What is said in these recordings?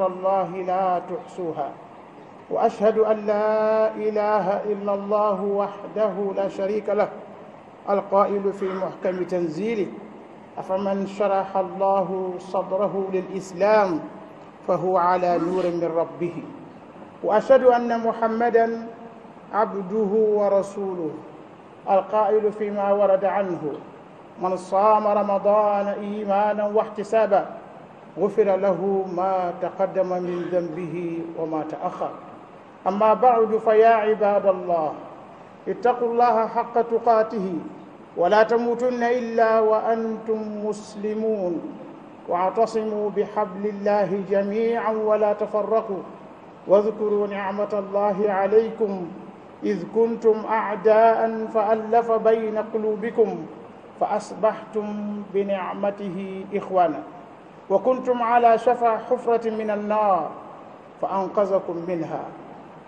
نعمة الله لا تحصوها وأشهد أن لا إله إلا الله وحده لا شريك له القائل في محكم تنزيله أفمن شرح الله صدره للإسلام فهو على نور من ربه وأشهد أن محمدا عبده ورسوله القائل فيما ورد عنه من صام رمضان إيمانا واحتسابا غفر له ما تقدم من ذنبه وما تأخر أما بعد فيا عباد الله اتقوا الله حق تقاته ولا تموتن إلا وأنتم مسلمون واعتصموا بحبل الله جميعا ولا تفرقوا واذكروا نعمة الله عليكم إذ كنتم أعداء فألف بين قلوبكم فأصبحتم بنعمته إخوانا wa kuntum ala shafa hufratin min annar fa anqazakum minha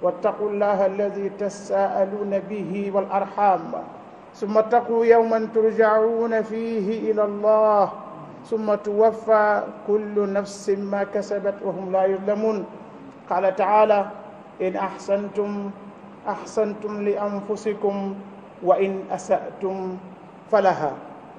wattaqu llaha alladi tasaaluna bihi wal arham summa ttaquu yawman turjacuuna fihi ila llah summa tuwaffa kullu nafsin ma kasabat wa hum la yuzlamun qala taala in ahsantum ahsantum li anfusikum wa in asatum falaha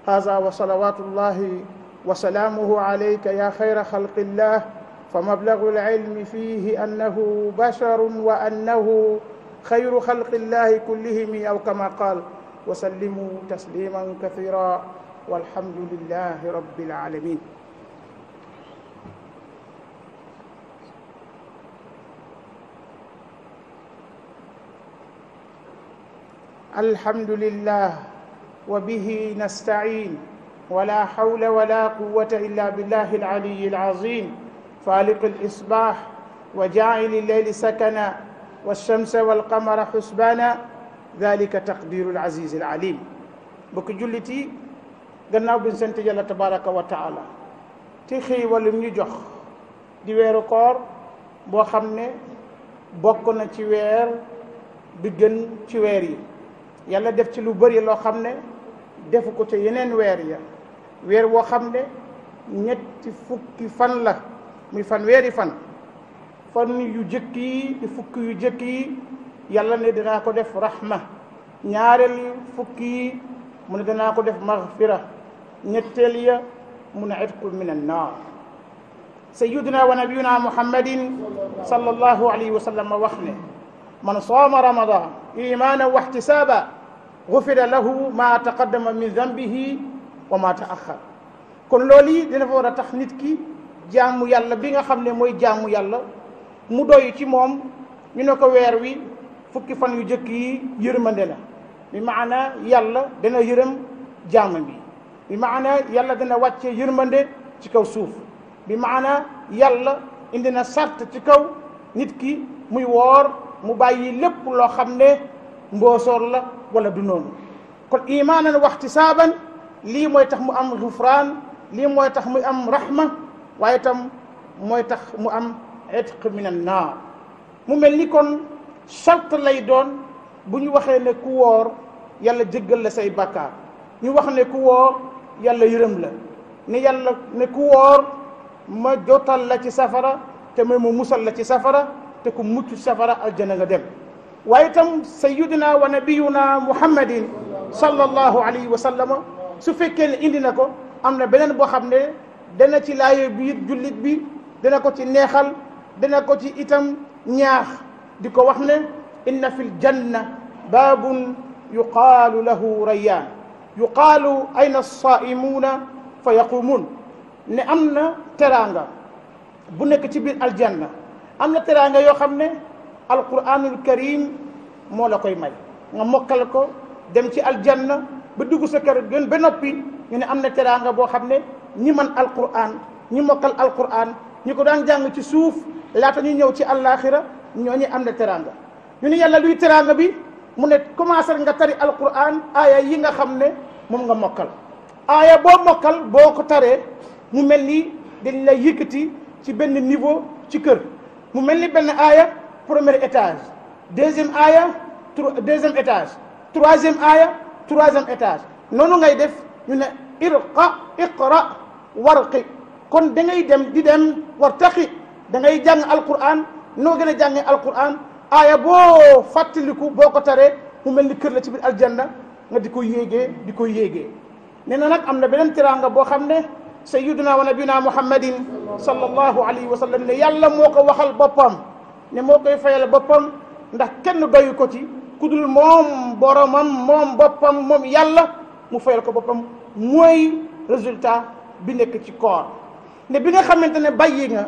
haza wa salawatu llahi وسلامه عليك يا خير خلق الله فمبلغ العلم فيه أنه بشر وأنه خير خلق الله كلهم أو كما قال وسلموا تسليما كثيرا والحمد لله رب العالمين الحمد لله وبه نستعين ولا حول ولا قوة إلا بالله العلي العظيم فالق الإصباح وجاعل الليل سكنا والشمس والقمر حسبانا ذلك تقدير العزيز العليم bokk jullit yi gannaaw bi ñu sant Yàlla tabaraka wa taala te xéewal ñu jox di weeru koor boo xam ne bokk na ci weer bi gën ci weer yi yàlla def ci lu bëri loo xam ne defu ko ca yeneen weer ya weer woo xam ne ñetti fukki fan la muy fan weeri fan fan yu jëkk yi yu jëkk yi yàlla ne danaa ko def rahma ñaareel fukki mu ne danaa ko def maghfira ñetteel ya mu ne itqu min annaar sayyiduna wa nabiyuna muhammadin sallallahu alayhi wa wax ne man sooma ramadan imanan wa ihtisaaba gufira lahu ma taqaddama min dambihi wa ma taaxar kon loolu yi dina fa war a tax nit ki jaamu yàlla bi nga xam ne mooy jaamu yàlla mu doy ci moom ñu ne ko weer wi fukki fan yu jëkk yi yërmande la bi maana yàlla dana yërëm jaamam bi bi maana yàlla dana wàcce yërmande ci kaw suuf bi maana yàlla indi na sart ci kaw nit ki muy woor mu bàyyi lépp loo xam ne mboosoor la wala du noonu kon imaanan waxtisaaban lii mooy tax mu am gufraan lii mooy tax mu am rahma waaye itam mooy tax mu am itq min an mu mel ni kon charte lay doon bu ñu waxee ne ku woor yàlla jéggal la say bàkkaar ñu wax ne ku woor yàlla yërëm la ne yàlla ne ku woor ma jotal la ci safara te may mu musal la ci safara te ku mucc safara aljana nga dem waaye itam sayyidina wa nabiyuna muhammadin sallallahu alayhi wa sallama su fekkee ne indi na ko am na beneen boo xam ne dana ci laayo biir jullit bi dana ko ci neexal dana ko ci itam ñaax di ko wax ne inna fi l janna baabun yuqaalu lahu rayyaan yuqaalu ayna saaimuuna fa yaquumuun ne am na teraanga bu nekk ci biir aljanna am na teraanga yoo xam ne alquranul karim moo la koy may nga mokkal ko dem ci aljanna ba dugg sa kër gën ba noppi ñu ne am na teraanga boo xam ne ñi man alquran ñi mokkal alquran ñi ko daan jàng ci suuf laata ñu ñëw ci ñoo ñooñu am na teraanga ñu ne yàlla luy teraanga bi mu ne commencé nga tari alquran aaya yi nga xam ne moom nga mokkal aaya boo mokkal boo ko taree mu mel ni dañ lay yëkkati ci benn niveau ci kër mu mel ni benn aaya première étage deuxième aaya deuxième étage troisième aaya troisième étage noonu ngay def ñu ne irqa iqra warqi kon da ngay dem di dem war taqi da ngay jàng alquran noo gën a jàngee alquran aaya boo fàttaliku boo ko taree mu mel ni kër la ci biir aljanna nga di ko yéegee di ko yéegee ne na nag am na beneen tiraanga boo xam ne sayyiduna wa nabina muhammadin sallallahu alayhi wa sallam ne yàlla moo ko waxal boppam ne moo koy fayal boppam ndax kenn doyu ko ci kudul moom boromam moom boppam moom yàlla mu fayal ko boppam mooy résultat bi nekk ci koor ne bi nga xamante ne bàyyi nga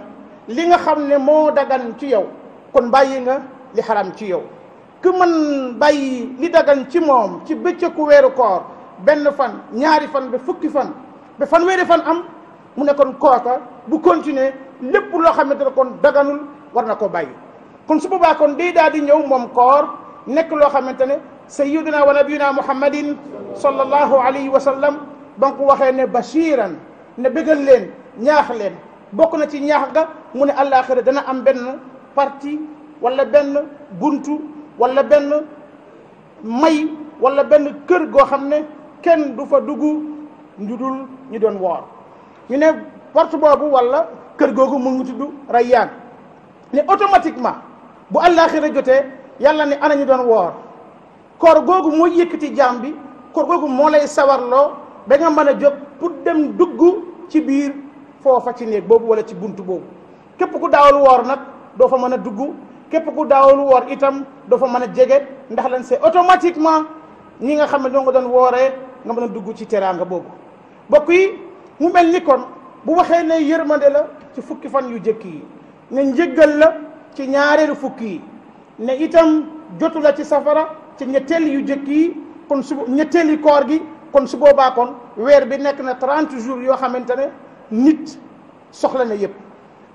li nga xam ne moo daggan ci yow kon bàyyi nga li xaram ci yow ku mën bàyyi li daggan ci moom ci bëccëgu weeru koor benn fan ñaari fan ba fukki fan ba fan weeri fan am mu ne kon kooka bu continuer lépp loo xamante ne kon daganul war na ko bàyyi kon su boobaa kon day daal di ñëw moom koor nekk loo xamante ne sayyiduna wa nabiyuna muhammadin sallallahu alayhi wa sallam ba nga ko waxee ne bashiran ne bëggal leen ñaax leen bokk na ci ñaax nga mu ne àllaaxira dana am benn parti walla benn buntu walla benn may wala benn kër goo xam ne kenn du fa duggu ñu ñu doon woor ñu ne porte boobu walla kër googu mu ngi tudd rayyaan ne automatiquement bu àllaaxira jotee yàlla ne ana ñu doon woor koor googu moo yëkkati jaam bi koor googu moo lay sawarloo ba nga mën a jóg pour dem dugg ci biir foofa ci néeg boobu wala ci bunt boobu képp ku daawul woor nag doo fa mën a dugg képp ku daawul woor itam doo fa mën a jege ndax lañ c'est automatiquement ñi nga xam ne ñoo nga doon wooree nga mën a dugg ci teraanga boobu bokk yi mu mel ni kon bu waxee ne yërmande la ci fukki fan yu jëkk yi ne njëggal la ci ñaareelu fukki yi ne itam jotula ci safara ci ñetteel yu jëkk yi kon su ñetteeli koor gi kon su boobaa kon weer bi nekk na trente jours yoo xamante ne nit soxla na yëpp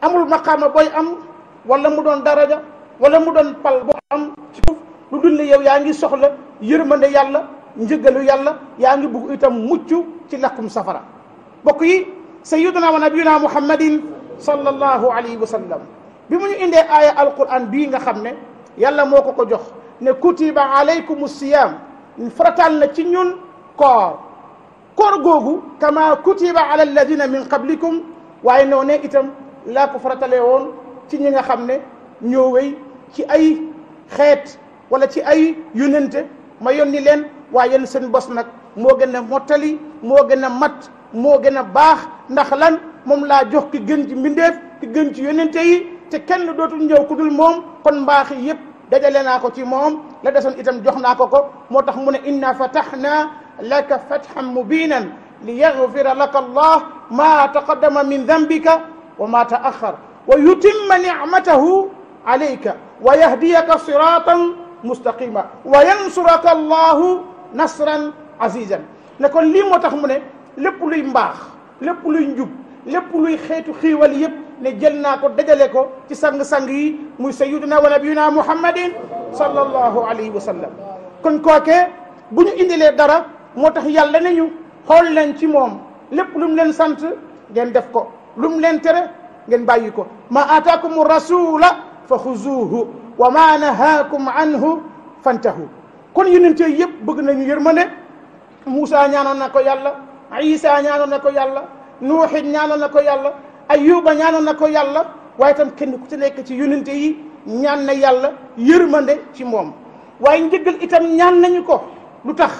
amul maqaama booy am walla mu doon daraja wala mu doon pal boo am ci suuf lu dul ne yow yaa ngi soxla yërmande yàlla njëgalu yàlla yaa ngi bugg itam mucc ci lakkum safara bokk yi sayyiduna wa nabiyuna muhammadin sallallahu alayhi wa sallam bi mu ñu indee aaya alquran bii nga xam ne yàlla moo ko ko jox ne kutiba alaykum siyam faratal na ci ñun koor koor googu kama kutiba ala alladina min qablikum waaye noo ne itam laa ko faratale woon ci ñi nga xam ne ñoo ci ay xeet wala ci ay yonente ma yónni leen waaye yéen seen bos nag moo gën a mottali moo gën a mat moo gën a baax ndax lan moom laa jox ki gën ci mbindeef ki gën ci yonente te kenn dootul ñëw ku dul moom kon mbaaxi yëpp dajale naa ko ci moom la desoon itam jox naa ko ko moo tax mu ne inna fataxna laka fatxan mubinan li yaxfira laka allah ma taqaddama min dambika wa ma taaxar wa yutimma nicmatahu alayka wa yahdiyaka siratan mustaqima wa yansuraka allahu nasran azizan ne kon lii moo tax mu ne lépp luy mbaax lépp luy njub lépp luy xeetu xiiwal yëpp ne jël naa ko dajale ko ci sang-sang yi muy sayyiduna wa nabiyuna muhammadin sallallahu alayhi wa sallam kon kookee bu ñu indilee dara moo tax yàlla ne ñu xool leen ci moom lépp lu mu leen sant ngeen def ko lu mu leen tere ngeen bàyyi ko ma ataakum rasula fa xuzuuhu wa ma nahaakum anhu fantahu kon yonent yi yëpp bëgg nañu yërmande Moussa ñaanoon na ko yàlla Isa ñaanoon na ko yàlla Nuuxit ñaanoon na ko yàlla ay ayuba ñaanoon na ko yàlla waaye tam kenn ku ci nekk ci yonente yi ñaan na yàlla yërmande ci moom waaye njëggal itam ñaan nañu ko lu tax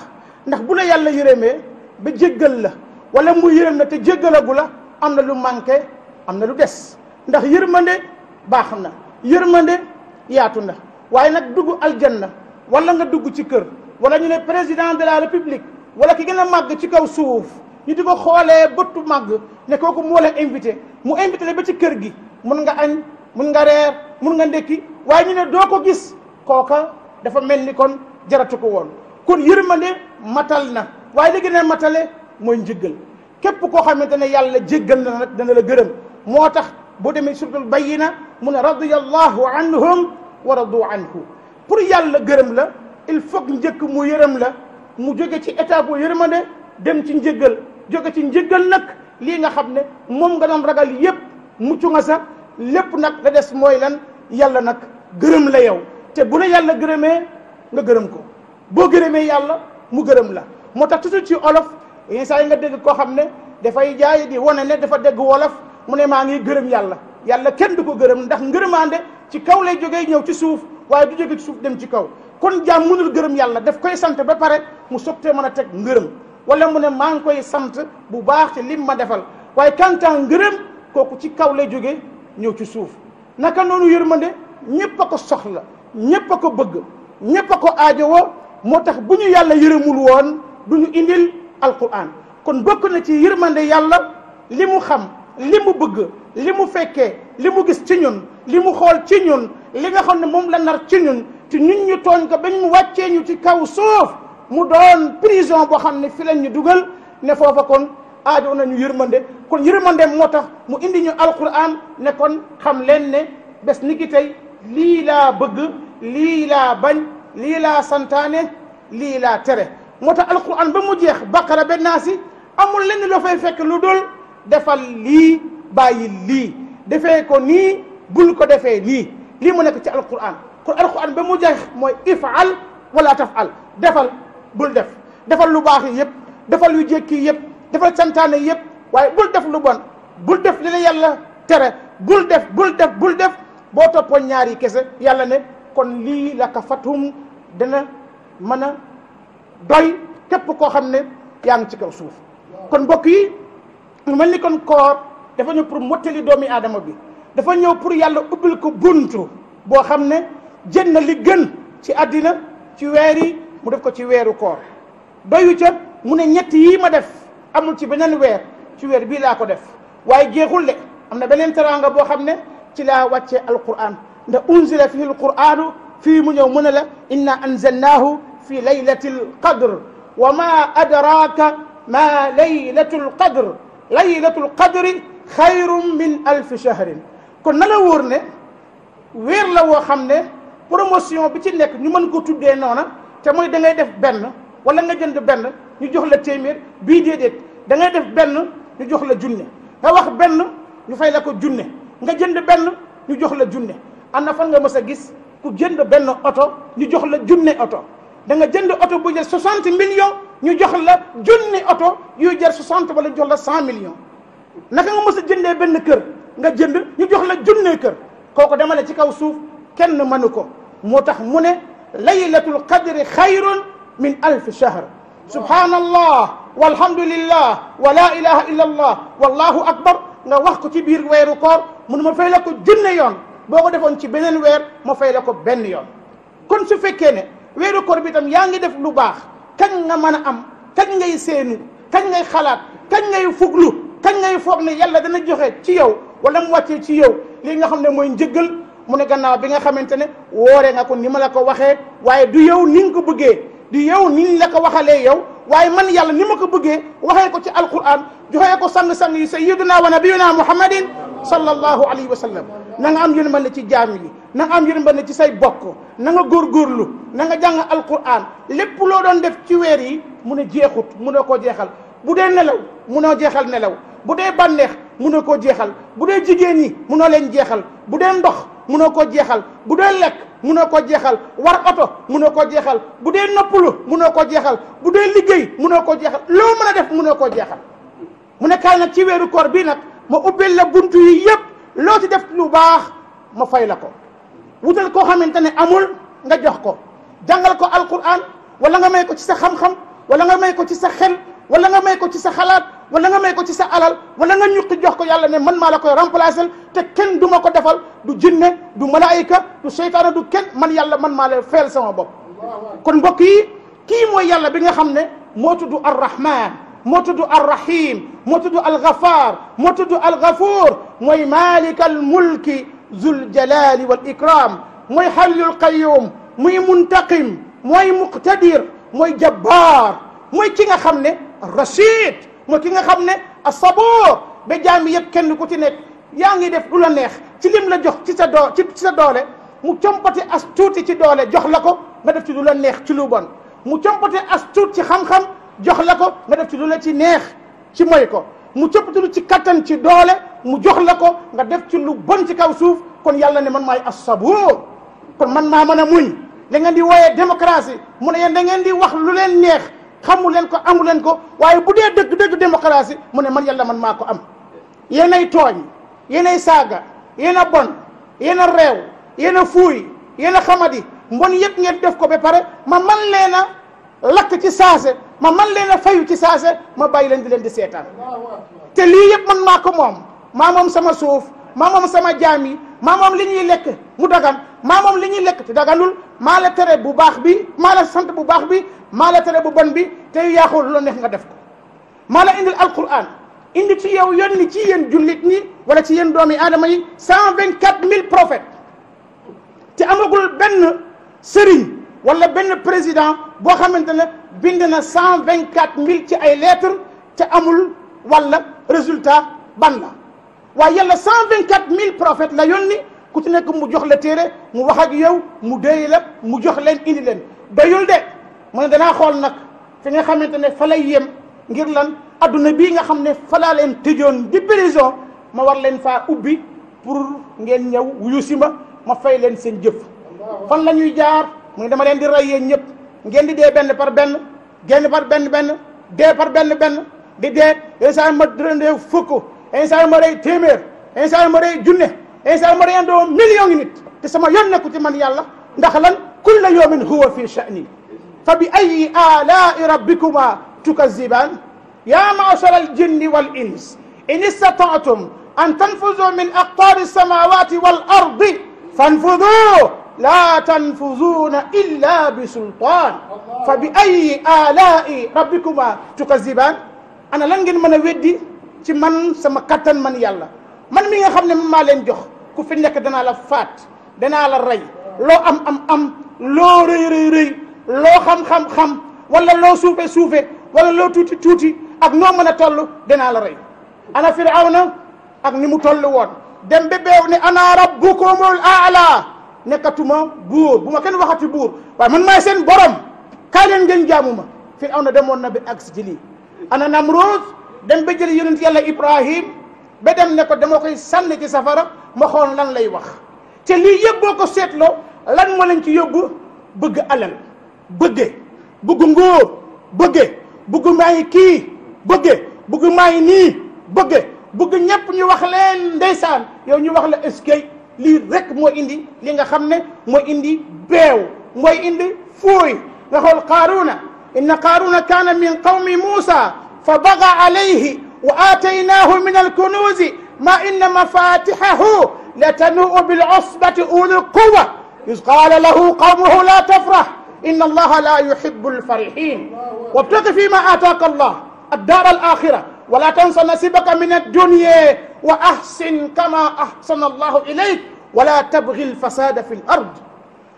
ndax bu la yàlla yërëmee ba jéggal la wala mu yërëm na te jéggalagu la am na lu manqué am na lu des ndax yërmande baax na yërmande yaatu na waaye nag dugg aljanna wala nga dugg ci kër wala ñu ne président de la république wala ki gën a màgg ci kaw suuf ñu di ko xoolee bëttu màgg ne kooku moo leen invité mu invité la ba ci kër gi mun nga añ mun nga reer mun nga ndekki waaye ñu ne doo ko gis kooka dafa mel ni kon jaratu ko woon kon yërmande matal na waaye léegi ne matale mooy njëggal képp koo xamante ne yàlla jéggal na nag dana la gërëm moo tax boo demee suratul bayyina mu ne radiyallahu anhum wa radu anhu pour yàlla gërëm la il faut njëkk mu yërëm la mu jóge ci état bu yërmande dem ci njëggal jóge ci njëggal nag lii nga xam ne moom nga doon ragal yépp mucc nga sa lépp nag la des mooy lan yàlla nag gërëm la yow te bu la yàlla gërëmee nga gërëm ko boo gërëmee yàlla mu gërëm la moo tax su ci olof yenn saa yi nga dégg koo xam ne dafay jaay di wane ne dafa dégg wolof mu ne maa ngi gërëm yàlla yàlla kenn di ko gërëm ndax ngërëmaande ci kaw lay jógee ñëw ci suuf waaye du jóge ci suuf dem ci kaw kon jaam mënul gërëm yàlla daf koy sant ba pare mu sottee mën a teg ngërëm wala mu ne maa ngi koy sant bu baax ci lim ma defal waaye kantaa ngërëm kooku ci kaw lay jóge ñëw ci suuf naka noonu yërmande ñépp a ko soxla ñépp a ko bëgg ñépp a ko aajowoo moo tax bu ñu yàlla yërëmul woon du ñu indil alquran kon bëkk na ci yërmande yàlla li mu xam li mu bëgg li mu fekkee li mu gis ci ñun li mu xool ci ñun li nga xam ne moom la nar ci ñun te ñun ñu tooñ ko bañ mu wàccee ñu ci kaw suuf mu doon prison boo xam ne fi lañ ñu dugal ne foofa kon aajo nañu yërmande kon yërmande moo tax mu indi ñu alquran ne kon xam leen ne bés ni ki tey lii laa bëgg lii laa bañ lii laa santaane lii laa tere moo tax alquran ba mu jeex baqara ba naasi amul lenn loo fay fekk lu dul defal lii bàyyi lii defee ko nii bul ko defee nii lii mu nekk ci alquran kon alquran ba mu jeex mooy ifal wala tafal defal bul def defal lu baax yi yëpp defal yu jékki yëpp defal santaane yëpp waaye bul def lu bon bul def li la yàlla tere bul def bul def bul def boo toppoon ñaari kese yàlla ne kon lii la ka fatum dana mën a doy képp koo xam ne yaa ngi ci kaw suuf kon mbokk yi mu mel ni kon koor dafa ñëw pour mottali doomi aadama bi dafa ñëw pour yàlla ubbil ko buntu boo xam ne jën na li gën ci àddina ci weer mu def ko ci weeru koor bayu ca mu ne ñetti yii ma def amul ci beneen weer ci weer bii laa ko def waaye jeexul de am na beneen teraanga boo xam ne ci laa wàccee alquran nda unzila fihi alquranu fii mu ñëw mu ne la inna anzalnaahu fi laylati alqadr wa ma adraka ma laylatu alqadr laylatu alqadri xayrun min alfi shahrin kon nala la ne weer la woo xam ne promotion bi ci nekk ñu mën ko tuddee noona te mooy da ngay def benn walla nga jënd benn ñu jox la téeméer bii déedéet da ngay def benn ñu jox la junne nga wax benn ñu fay la ko junne nga jënd benn ñu jox la junne am na fan nga mës a gis ku jënd benn oto ñu jox la junne oto da jënd oto bu jël 60 millions ñu jox la junne oto yuy jar 60 wala jox la 100 millions naka nga mës a jëndee benn kër nga jënd ñu jox la junne kër kooku dama ne ci kaw suuf kenn mënu ko moo tax mu ne. laylatul qadri xayrun min alfi shahr subhanallah walhamdulillah wa la ilaha illa allah wallahu akbar nga wax ko ci biir weeru koor mun ma fay la ko junne yoon boo ko defoon ci beneen weer ma fay la ko benn yoon kon su fekkee ne weeru koor bi itam yaa ngi def lu baax kañ nga mën a am kañ ngay seenu kañ ngay xalaat kañ ngay fuglu kañ ngay foog ne yàlla dana joxe ci yow wala mu wàccee ci yow li nga xam ne mooy njëggal mu ne gannaaw bi nga xamante ne woore nga ko ni ma la ko waxee waaye du yow ni nga ko buggee du yow ni la ko waxalee yow waaye man yàlla ni ma ko bëggee waxee ko ci alquran joxee ko sang-sang yi sayyiduna wa naa muhammadin sallallahu alayhi wa sallam na nga am yërmande ci jaam yi am nga am yërmande ci say bokk na nga góorgóorlu na nga jàng alquran lépp loo doon def ci weer yi mu ne jeexut munoo koo jeexal bu dee nelaw munoo jeexal nelaw bu dee bànneex munoo koo jeexal bu dee jigéen ñi munoo leen jeexal bu dee ndox munoo koo jeexal bu dee lekk munoo koo jeexal war oto munoo koo jeexal bu dee noppalu munoo koo jeexal bu dee liggéey munoo koo jeexal loo mën a def munoo koo jeexal mu ne kaay nag ci weeru koor bii nag ma ubbil la buntu yi yëpp loo ci def lu baax ma fay la ko wutal koo xamante ne amul nga jox ko jàngal ko alquran wala nga may ko ci sa xam-xam wala nga may ko ci sa xel wala nga may ko ci sa xalaat wala nga may ko ci sa alal wala nga ñuqi jox ko yàlla ne man maa la koy remplacer te kenn du ma ko defal du jinne du malaayika du seytaane du kenn man yàlla man maa la feel sama bopp kon mbokk yi kii mooy yàlla bi nga xam ne mootu tudd arrahman moo du arrahim moo tudd algafar moo tudd algafuur mooy malika almulki zul jalali wal ikram mooy xalilul mooy muqtadir mooy nga xam ne rachid mooy ki nga xam ne a saboo ba jaam yëpp kenn ku ci nekk yaa ngi def du la neex ci lim la jox ci sa doo ci sa doole mu compati as tuuti ci doole jox la ko nga def ci du la neex ci lu bon mu compati as tuut ci xam-xam jox la ko nga def ci lu la ci neex ci moy ko mu compati lu ci kattan ci doole mu jox la ko nga def ci lu bon ci kaw suuf kon yàlla ne man maay as saboo kon man maa mën a muñ da ngeen di wooyee démocratie mu ne yéen da ngeen di wax lu leen neex xamu leen ko amu leen ko waaye bu dee dëgg dëgg démocratie mu ne man yàlla man maa ko am yéenay tooñ yéenay saaga yéen a bon yéen a réew yéen a fuuy yéen a xamadi mbon yëpp ngeen def ko ba pare ma man leen a lakk ci saase ma man leen a fayu ci saase ma bàyyi leen di leen di seetaan te lii yëpp man maa ko moom maa moom sama suuf maa moom sama jaam yi maa moom li ñuy lekk mu dagan maa moom li ñuy lekk te daganul maa la tere bu baax bi maa la sant bu baax bi maa la tere bu bon bi te yaa xool loo neex nga def ko maa la indil alquran indi ci yow yónni ci yéen jullit ni wala ci yéen doomi aadama yi cent vingt quatre mille prophètes te amagul benn sëriñ wala benn président boo xamante ne bind na cent vingt quatre mille ci ay lettres te amul wala résultat ban la waaye yàlla cent vingt quatre mille prophètes la yónni ku ci nekk mu jox la téere mu wax ak yow mu déy la mu jox leen indi leen doyul de mu ne danaa xool nag fi nga xamante ne fa lay yem ngir lan adduna bii nga xam ne falaa leen tëjoon di prison ma war leen faa ubbi pour ngeen ñëw wuyu si ma ma fay leen seen jëf fan la ñuy jaar mu ne dama leen di rey yeen ñëpp ngeen di dee benn par benn genn par benn benn dee par benn benn di dee insaan ma dundee fukk insaan ma rey téeméer insaan ma rey junne insa ma reyandoo million ngi nit te sama yoon nekku ci man yàlla ndax lan kulla yawmin huwa fi sha'ni fa bi ayi alaai rabbikuma tukazziban ya ma'shara al-jinni wal ins in istata'tum an tanfuzu min aqtari as-samawati wal ardi fanfuzu la tanfuzuna illa bi sultan fa bi ayi alaai rabbikuma tukazziban ana lan ngeen mën a weddi ci man sama kattan man yàlla man mi nga xam ne maa leen jox ku fi nekk danaa la faat danaa la rey loo am am am loo rëy rëy rëy loo xam-xam xam wala loo suufe suufe wala loo tuuti tuuti ak noo mën a toll danaa la rey ana firawna ak ni mu toll woon dem ba beew ne ana rabbukumul aala nekkatuma buur bu ma kenn waxati buur waaye man maay seen borom kaay leen ngeen jaamu ma firawna demoon na ba agsi ci lii ana namroos dem ba jëli yonent yàlla ibrahim ba dem ne ko dama koy sànni ci safara ma xool lan lay wax te lii yëpp boo ko seetloo lan moo leen ci yóbbu bëgg alal bëgge bëgg ngóor bëgge bëgg maa kii bëgge bëgg maa ngi nii bëgge bëgg ñëpp ñu wax leen ndeysaan yow ñu wax la eskay lii rek moo indi li nga xam ne moo indi beew mooy indi fuuy nga xool qaaruuna inna qaaruuna kaana min qawmi muusa fa baga alayhi wa aataynaahu min alkunuuzi ma inna mafatihahu latanuu bilosbati uli quwa iz qaala lahu qawmuhu la tafrah inna allaha la yuhibbu alfarihin wabtaqi fima aataaka allah addaara alakhira wala tansa nasibaka min addunya wa ahsin kama ahsana allahu ilayk wala tabgi alfasada fi lard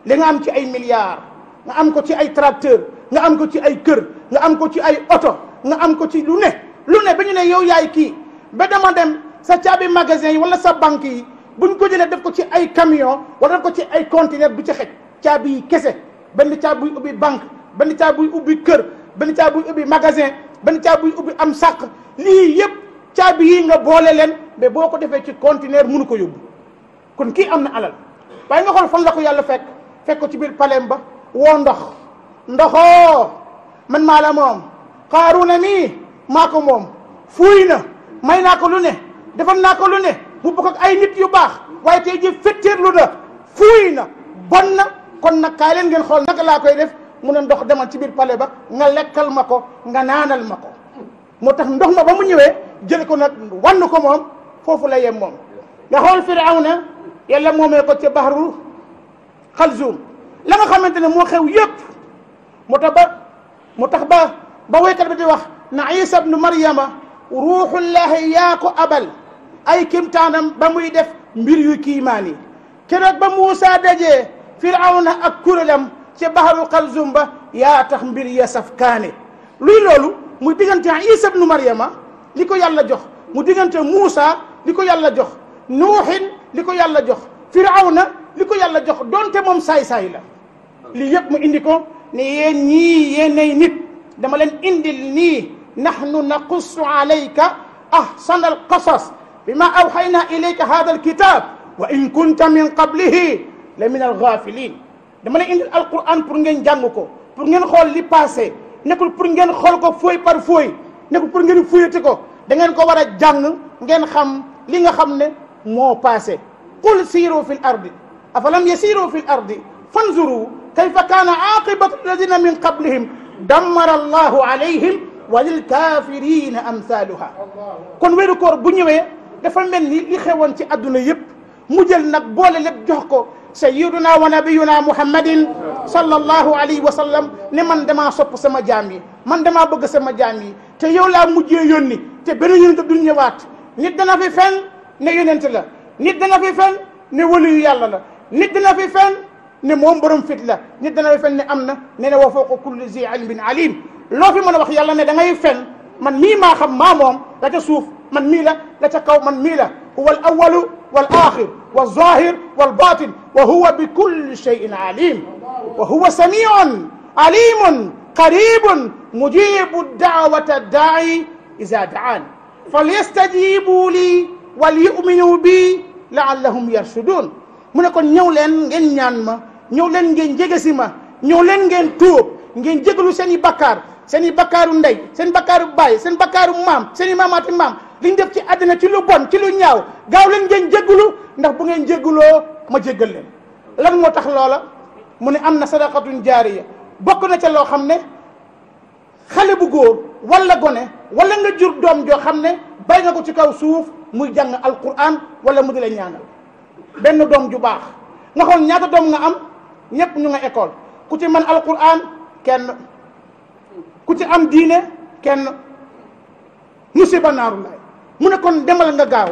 li nga am ci ay milliards nga am ko ci ay tracteur nga am ko ci ay kër nga am ko ci ay oto nga am ko ci lu ne lu ne ba ñu ne yow yaay kii ba dama dem sa caabi magasin yi wala sa banque yi buñ ko jëlee def ko ci ay camion wala def ko ci ay conteneur bu ci xej caabi yi kese benn caabi buy ubbi banque benn caabi buy ubbi kër benn caabi buy ubbi magasin benn caabi yu ubbi am sàq lii yëpp caabi yi nga boole leen mais boo ko defee ci conteneur mënu ko yóbbu kon kii am na alal waaye nga xool fan la ko yàlla fekk fekk ko ci biir paleem ba woo ndox ndoxoo man maa la moom maa ko moom fuuy na may naa ko lu ne defal naa ko lu ne mu bokk ak ay nit yu baax waaye tey ji fetteerlu na fuuy na bon na kon nag kaay leen ngeen xool naka laa koy def mu ne ndox demal ci biir palais ba nga lekkal ma ko nga naanal ma ko moo tax ndox ma ba mu ñëwee jël ko nag wann ko moom foofu la yem moom nga xool firawna yàlla moomee ko ca baxru xalzuum la nga xamante ne moo xew yépp moo tax ba moo tax ba ba woykat bi di wax na isa bnu maryama ruuxullahi yaa ko abal ay kimtaanam ba muy def mbir yu kiimaan yi keroog ba Muusa dajee firawna ak kurélam ci baxaru xalzum ba yaa tax mbir ya saf kaane luy loolu muy diggante isa bnu maryama li ko yàlla jox mu diggante Muusa li ko yàlla jox nuuxin li ko yàlla jox firawna li ko yàlla jox donte moom saay-saay la lii yëpp mu indi ko ne yéen ñii yéenay nit dama leen indil nii nahnu naqussu alayka ahsana alqasas bima awxayna ilayka hada alkitab wa in kunta min qablihi la min alghafilin dama lay indil alquran pour ngeen jàng ko pour ngeen xool li passé nekkul pour ngeen xool ko fooy par fooy nekkul pour ngeen fuyati ko da ngeen ko war a jàng ngeen xam li nga xam ne moo passé qul siiru fi l ardi afalam yasiru fi l ardi fanzuru kayfa kaana aqibatu alladina min qablihim dammara allahu alayhim walil kaafirina amsaluha kon weeru koor bu ñëwee dafa mel ni li xewoon ci adduna yëpp mu jël nag boole lépp jox ko sayyiduna wa nabiyuna muhammadin sallallahu alayhi wa sallam ne man damaa sopp sama jaam yi man damaa bëgg sama jaam yi te yow laa mujjee yónni te benn yónent du ñëwaat nit fi fen ne yónent la nit dana fi fen ne waliyu yàlla la nit dana fi fen ne moom borom fit la nit dana fi fen ne am na ne ne wa fawqa kulli zi ilmin alim loo fi mën a wax yàlla ne da ngay fen man mii maa xam maa moom la ca suuf man mii la la ca kaw man mii la huwa al awalu wal axir wa zahir wal batin wa huwa bi kulli cheyin alim wa huwa samiun alimun qaribun mujibu daawata daai ida daan falyastajibu lii walyuminu bi laallahum yarshudun mu ne kon ñëw leen ngeen ñaan ma ñëw leen ngeen jege si ma ñëw leen ngeen tuub ngeen jégalu seen i bakkaar seen i bakkaaru ndey seen bakkaaru baay seen bakkaaru maam seen i maamaati maam li ñu def ci àddina ci lu bon ci lu ñaaw gaaw leen ngeen jéggulu ndax bu ngeen jégguloo ma jëggal leen lan moo tax loola mu ne am na sadaqatun jaariya bokk na ca loo xam ne xale bu góor wala gone wala nga jur doom joo xam ne bay nga ko ci kaw suuf muy jàng alquran wala mu di la ñaanal benn doom ju baax nga xool ñaata doom nga am ñëpp ñu nga école ku ci man alquran kenn ku ci am diine kenn musiba naaru laay mu ne kon demal nga gaaw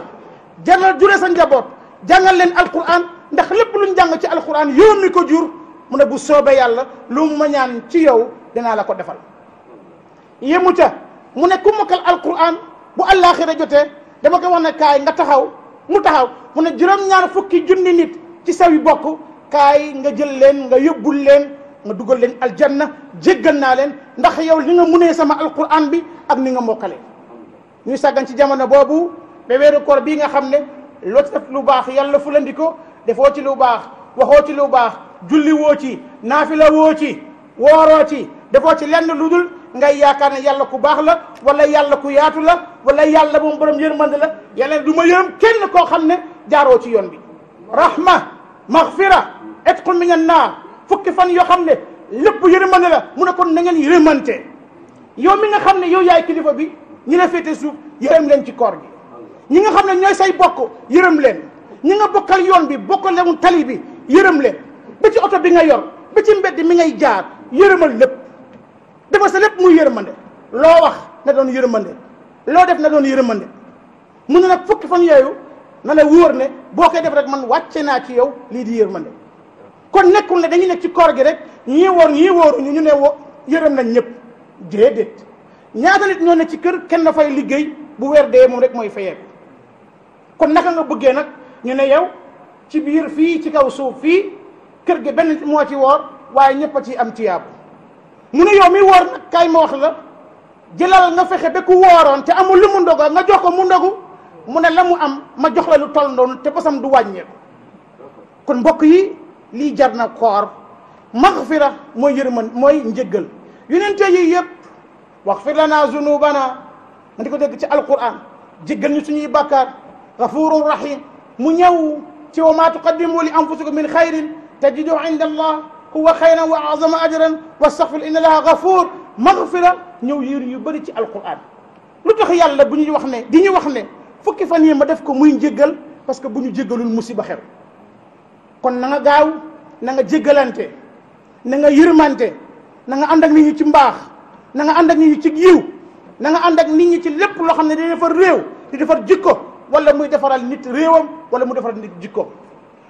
jaral jure sa njaboot jàngal leen alquran ndax lépp luñ jàng ci alquran yow mi ko jur mu ne bu soobee yàlla lu mañaan ci yow dinaa la ko defal yemu ca mu ne ku mokkal alquran bu àllaaxira jotee dama ko wax ne kaay nga taxaw mu taxaw mu ne juróom-ñaar fukki junni nit ci sawi bokk kaay nga jël leen nga yóbbul leen ma dugal leen aljanna jéggal naa leen ndax yow li nga munee sama alquran bi ak ni nga mokkale ñuy sàggan ci jamono boobu ba weeru koor bii nga xam ne loo ci lu baax yàlla fu landi ko defoo ci lu baax waxoo ci lu baax julliwoo woo ci naafila woo ci wooroo ci defoo ci lenn lu dul ngay yaakaar ne yàlla ku baax la wala yàlla ku yaatu la wala yàlla moom borom yërmande la yàlla du ma yërëm kenn koo xam ne jaaroo ci yoon bi rahma maghfira etqu min an naar fukki fan yoo xam ne lépp yërmande la mu ne kon na ngeen yërmante yow mi nga xam ne yow yaay kilifa bi ñi la feete suuf yërëm leen ci koor gi ñi nga xam ne ñooy say bokk yërëm leen ñi nga bokkal yoon bi bokkal leen tali bi yërëm leen ba ci oto bi nga yor ba ci mbedd mi ngay jaar yërëmal lépp dafa sa lépp muy yërmande loo wax na doon yërmande loo def na doon yërmande mu ne nag fukki fan yooyu na la wóor ne boo koy def rek man wàcce naa ci yow lii di yërmande kon nekkul ne dañu nekk ci koor gi rek ñii woor ñii wóoruñu ñu ne wo yërëm nañ ñëpp déedéet ñaata nit ñoo ne ci kër kenn dafay liggéey bu weer dee moom rek mooy fayeeku kon naka nga bëggee nag ñu ne yow ci biir fii ci kaw suuf fii kër gi benn moo ci woor waaye ñëpp a ci am tiyaabu mu ne yow mi woor nag kaay ma wax la jëlal nga fexe ba ku wooroon te amul lu mu ndoga nga jox ko mu ndogu mu ne la mu am ma jox la lu toll noonu te bosam du wàññeeku kon mbokk yi lii jar na koor maxfira mooy yërmande mooy njëggal yonente yi yëpp waxfir lana zunubana man di ko dégg ci alquran jéggal ñu suñuy bàkkaar gafurun rahim mu ñëw ci wa maa tuqaddimu li anfusikum min xayrin tajidu inda allah huwa xayran wa azama ajran wastaghfir inna allaha gafur maxfira ñëw yër yu bëri ci alquran lu tax yàlla bu ñuy wax ne di ñu wax ne fukki fan yi ma def ko muy njéggal parce que bu ñu jéggalul musiba xew kon na nga gaaw na nga jéggalante na nga yërmante na nga ànd ak nit ñi ci mbaax na nga ànd ak nit ñi ci yiw na nga ànd ak nit ñi ci lépp loo xam ne day defar réew di defar jikko wala muy defaral nit réewam wala mu defaral nit jikko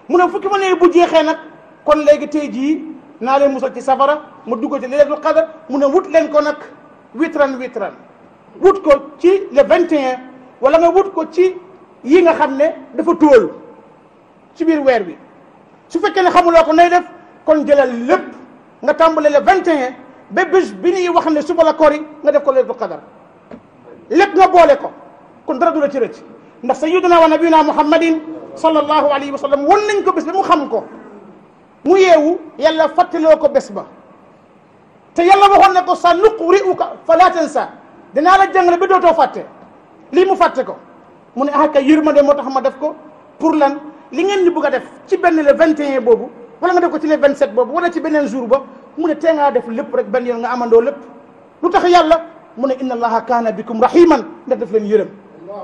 mu ne fukki fan bu jeexee nag kon léegi te jii naa leen musal ci safara mu dugg ci leetul qadar mu ne wut leen ko nag witran witran wut ko ci le 21 wala nga wut ko ci yi nga xam ne dafa tóol ci biir weer wi su fekkee ne xamuloo ko nay def kon jëlal lépp nga tàmbale le 21 ba bés bi ñuy wax ne suba la kori nga def ko laylatul qadar lépp nga boole ko kon dara du la ci rëcc ndax sayyiduna wa nabiyuna muhammadin sallallahu alayhi wa sallam won nañ ko bés ba mu xam ko mu yeewu yàlla fàttaloo ko bés ba te yàlla waxoon ne ko sa nuqri'uka fala tansa dinaa la jàngale ba dootoo fàtte lii mu fàtte ko mu ne ah kay de moo tax ma def ko pour lan li ngeen ni bugg a def ci benn le 21 boobu wala nga def ko ci le 27 boobu wala ci beneen jour ba mu ne tee ngaa def lépp rek benn yoon nga amandoo lépp lu tax yàlla mu ne inna allaha kaana bikum rahiman ndax def leen yërëm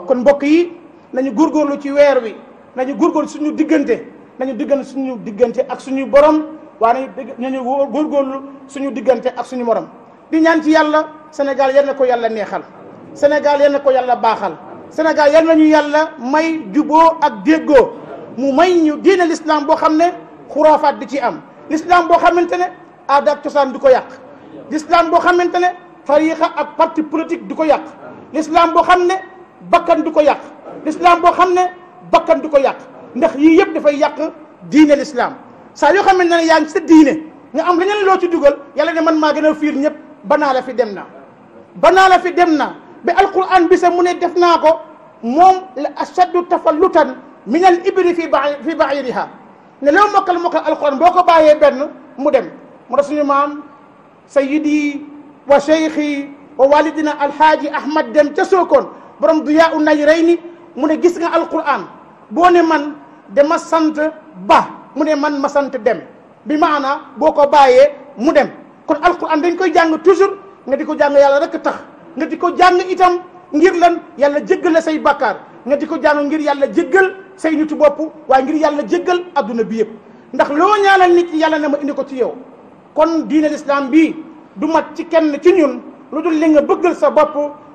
kon mbokk yi na ñu nañu góorgóorlu ci weer wi nañu góorgóorlu suñu diggante nañu diggante suñu diggante ak suñu borom waaye nañu góorgóorlu suñu diggante ak suñu morom di ñaan ci yàlla Sénégal ya ne ko yàlla neexal Sénégal yal ne ko yàlla baaxal Sénégal yal nañu yàlla may juboo ak déggoo mu may ñu diine l'islam boo xam ne xuraafaat di ci am l'islam boo xamante ne aada ak cosaan du ko yàq l'islam boo xamante ne tariixa ak parti politique du ko yàq l'islam boo xam ne bakkan du ko yàq l'islam boo xam ne bakkan du ko yàq ndax yii yëpp dafay yàq diine l'islam saa yoo xamante ne yaa ngi sa diine nga am leneen loo ci dugal yàlla ne man maa gën a fiir ñëpp banaa la fi dem naa banaa la fi naa ba alquran bi sa mu ne def naa ko moom la ashaddu tafallutan min al ibri fi ba fi bairiha ne loo mokkal mokkal alquran boo ko bàyyee benn mu dem mu def suñu maam sayidi wa cheikhi wa walidina alhaaji ahmad dem ca sookoon borom du yaa u nay rey ni mu ne gis nga alquran boo ne man dama sant ba mu ne man ma sant dem bi maana boo ko bàyyee mu dem kon alquran dañ koy jàng toujours nga di ko jàng yàlla rek tax nga di ko jàng itam ngir lan yàlla jéggal la say bàkkaar nga di ko jàng ngir yàlla jëggal say nitu bopp waaye ngir yàlla jéggal adduna bi yëpp ndax loo ñaanal nit yàlla ne ma indi ko ci yow kon diine lislaam bii du mat ci kenn ci ñun lu dul li nga bëggal sa bopp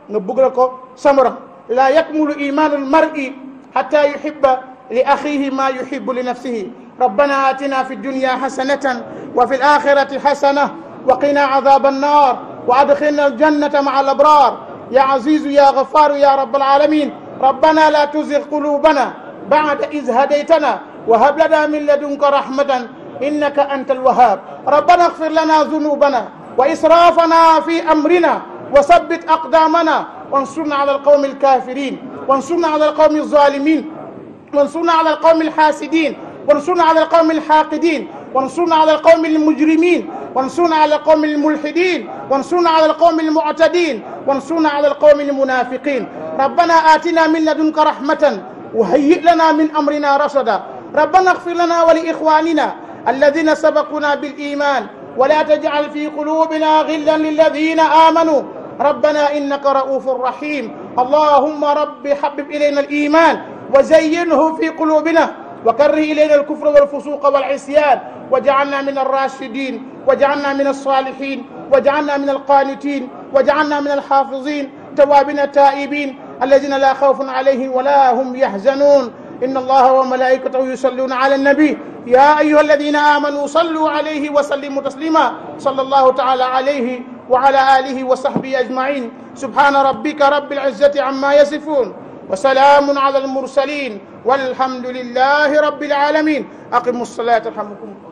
nga bëggal ko sa morom laa yakmulu imaanul mar'i hatta yuhibba li axihi ma yuhibbu li nafsihi rabbana atina fi dunya hasanatan wa fi l-axirati hasana wa qina adaba annar wa adxilna aljannata maa al abrar ya azizu ya gafaru ya rabbal alamin rabbana la tuzig qulubana بعد إذ هديتنا وهب لنا من لدنك رحمة إنك أنت الوهاب ربنا اغفر لنا ذنوبنا وإسرافنا في أمرنا وثبت أقدامنا وانصرنا على القوم الكافرين وانصرنا على القوم الظالمين وانصرنا على القوم الحاسدين وانصرنا على القوم الحاقدين وانصرنا على القوم المجرمين وانصرنا على القوم الملحدين وانصرنا على القوم المعتدين وانصرنا على القوم المنافقين ربنا آتنا من لدنك رحمة وهيئ لنا من أمرنا رشدا ربنا اغفر لنا ولإخواننا الذين سبقونا بالإيمان ولا تجعل في قلوبنا غلا للذين آمنوا ربنا إنك رؤوف رحيم اللهم رب حبب إلينا الإيمان وزينه في قلوبنا وكره إلينا الكفر والفسوق والعصيان وجعلنا من الراشدين وجعلنا من الصالحين وجعلنا من القانتين وجعلنا من الحافظين توابنا تائبين الذين لا خوف عليهم ولا هم يحزنون إن الله وملائكته يصلون على النبي يا أيها الذين آمنوا صلوا عليه وسلموا تسليما صلى الله تعالى عليه وعلى آله وصحبه أجمعين سبحان ربك رب العزة عما يصفون وسلام على المرسلين والحمد لله رب العالمين أقموا الصلاة يرحمكم